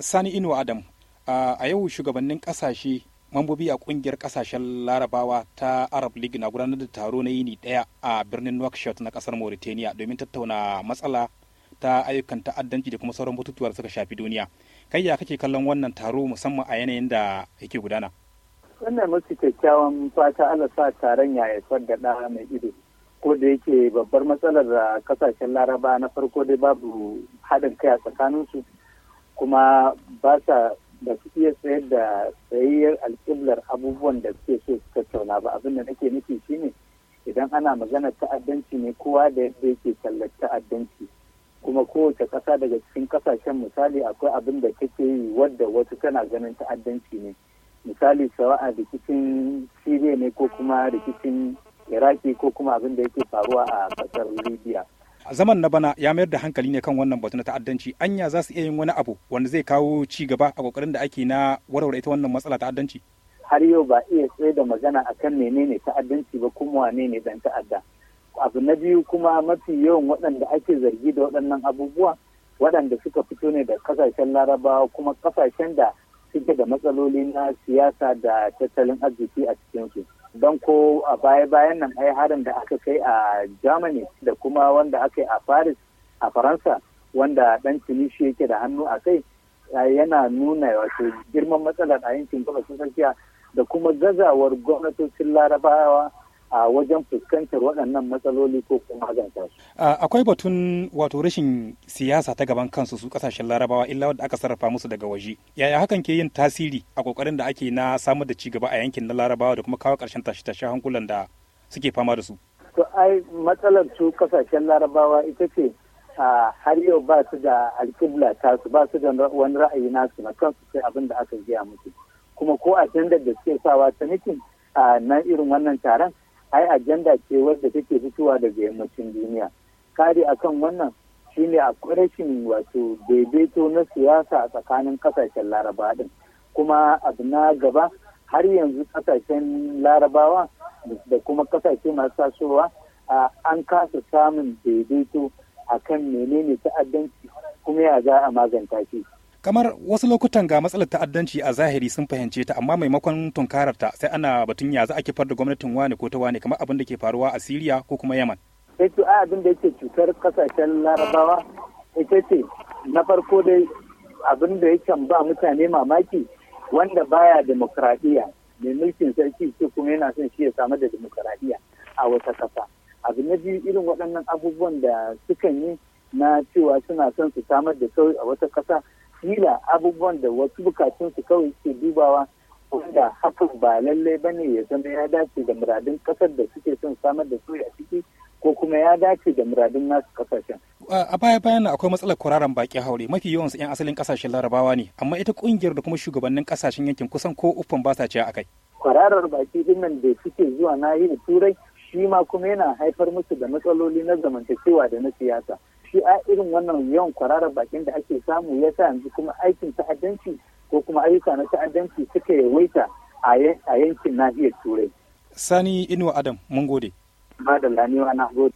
Sani Inu Adam, a yau shugabannin kasashe mambobi a kungiyar kasashen larabawa ta Arab League na gudanar da taro na yini daya a birnin Nouakchott na kasar Mauritania domin tattauna matsala ta ayyukan ta'addanci da kuma sauran batutuwa da suka shafi duniya. Kai ya kake kallon wannan taro musamman a yanayin da yake gudana? Wannan masu kyakkyawan fata Allah sa taron ya haifar da mai ido. ko da yake babbar matsalar da kasashen laraba na farko dai babu haɗin kai a tsakaninsu kuma ba sa da su iya sayar da tsayayyar alƙiblar abubuwan da suke so su tattauna ba abin da nake nufi shine idan ana magana ta'addanci ne kowa da yadda yake tallar ta'addanci kuma kowace ƙasa daga cikin ƙasashen misali akwai abin da take yi wadda wasu tana ganin ta'addanci ne misali sawa'a rikicin siriya ne ko kuma rikicin iraki ko kuma abin da yake faruwa a ƙasar libya zaman na bana ya mayar da hankali ne kan wannan batu na ta'addanci anya za su iya yin wani abu wanda zai kawo ci gaba a kokarin da ake na warware ita wannan matsala ta'addanci har yau ba iya tsaye da magana akan menene ta'addanci ba kuma wane ne dan ta'adda abu na biyu kuma mafi yawan waɗanda ake zargi da waɗannan abubuwa waɗanda suka fito ne da kasashen larabawa kuma kasashen da suke da matsaloli na siyasa da tattalin arziki a cikinsu. don ko a baya-bayan nan ai harin da aka kai a germany da kuma wanda aka yi a paris a faransa wanda dan tunishi yake da hannu a kai yana nuna wato girman matsalar a yankin gabashin tsakiya da kuma gazawar gwamnatocin larabawa a wajen fuskantar waɗannan matsaloli ko kuma maganta su. Akwai batun wato rashin siyasa ta gaban kansu su kasashen larabawa illa wadda aka sarrafa musu daga waje. Yaya hakan ke yin tasiri a kokarin da ake na samar da cigaba a yankin na larabawa da kuma kawo ƙarshen tashe-tashe hankulan da suke fama da su? To ai matsalar su kasashen larabawa ita ce har yau ba su da ta su ba su da wani ra'ayi nasu na kansu sai abin da aka gaya musu. Kuma ko a da suke sawa ta nufin na irin wannan taron ai ajanda ce wadda take fitowa daga yammacin duniya kare akan wannan shine akwai rashin wato daidaito na siyasa a tsakanin kasashen laraba din kuma abu na gaba har yanzu kasashen larabawa da kuma kasashe masu tasowa an kasa samun daidaito akan menene ta'addanci kuma ya za a maganta shi kamar wasu lokutan ga matsalar ta'addanci a zahiri sun fahimce ta amma maimakon tunkarar ta sai ana batun ya za a kifar da gwamnatin wane ko ta wane kamar abin da ke faruwa a Siriya ko kuma Yaman. Sai eh, to ai abin da yake cutar kasashen Larabawa ita ce na farko dai abin da yake ba mutane mamaki wanda baya demokradiya mai mulkin sarki ce kuma yana son shi ya samu da demokradiya a wata kasa. Abu na biyu irin waɗannan abubuwan da sukan yi na cewa suna son su samar da sauyi a wata kasa kila abubuwan da wasu bukatun su kawai ke dubawa wanda hakan ba lallai ba ne ya zama ya dace da muradin kasar da suke son samar da su a ciki ko kuma ya dace da muradin nasu kasashen. a baya bayan akwai matsalar kwararan baki haure mafi yawansu 'yan asalin kasashen larabawa ne amma ita kungiyar da kuma shugabannin kasashen yankin kusan ko uffan ba sa ciya akai. kwararar baki dinnan da suke zuwa na yi turai shi ma kuma yana haifar musu da matsaloli na zamantakewa da na siyasa shi a irin wannan yawan kwararar bakin da ake samu ya sa yanzu kuma aikin ta'addanci ko kuma ayyuka na ta'addanci suka yawaita a yankin nahiyar turai sani inuwa adam mun gode da laniwa na gode